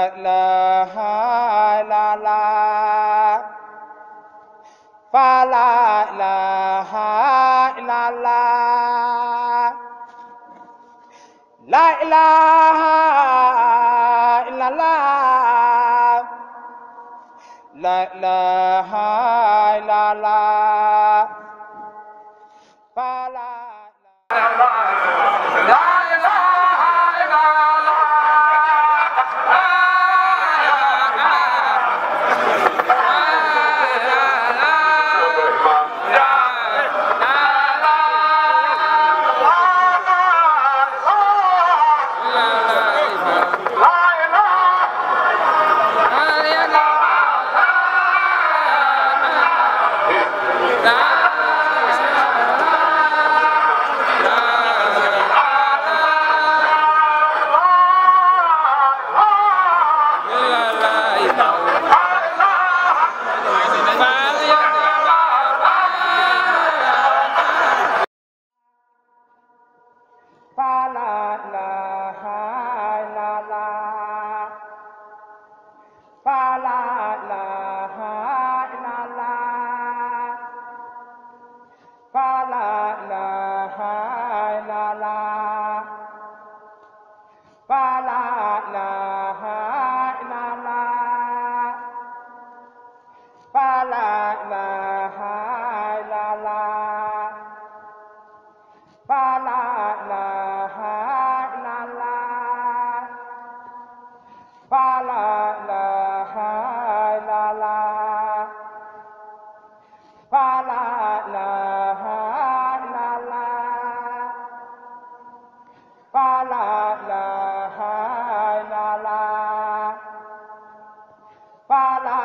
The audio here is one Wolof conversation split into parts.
la la la fa la la la la la ilaha illallah la la la la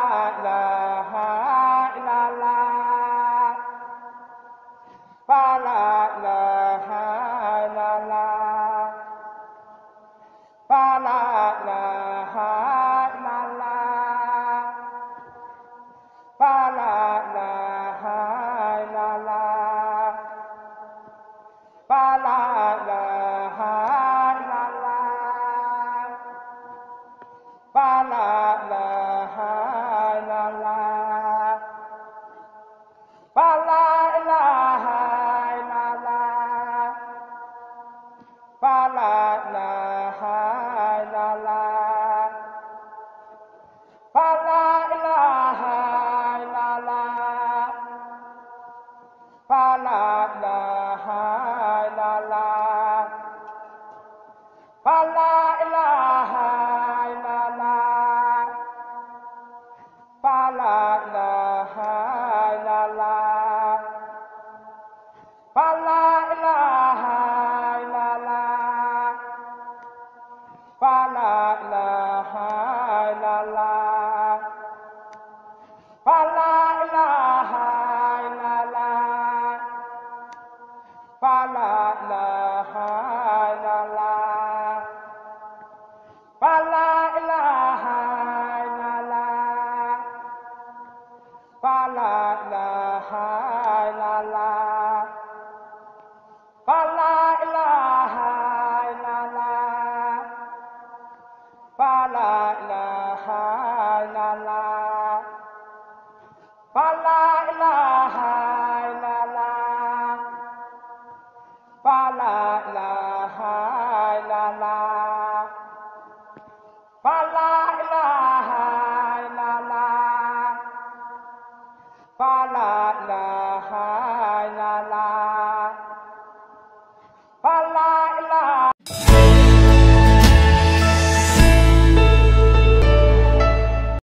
la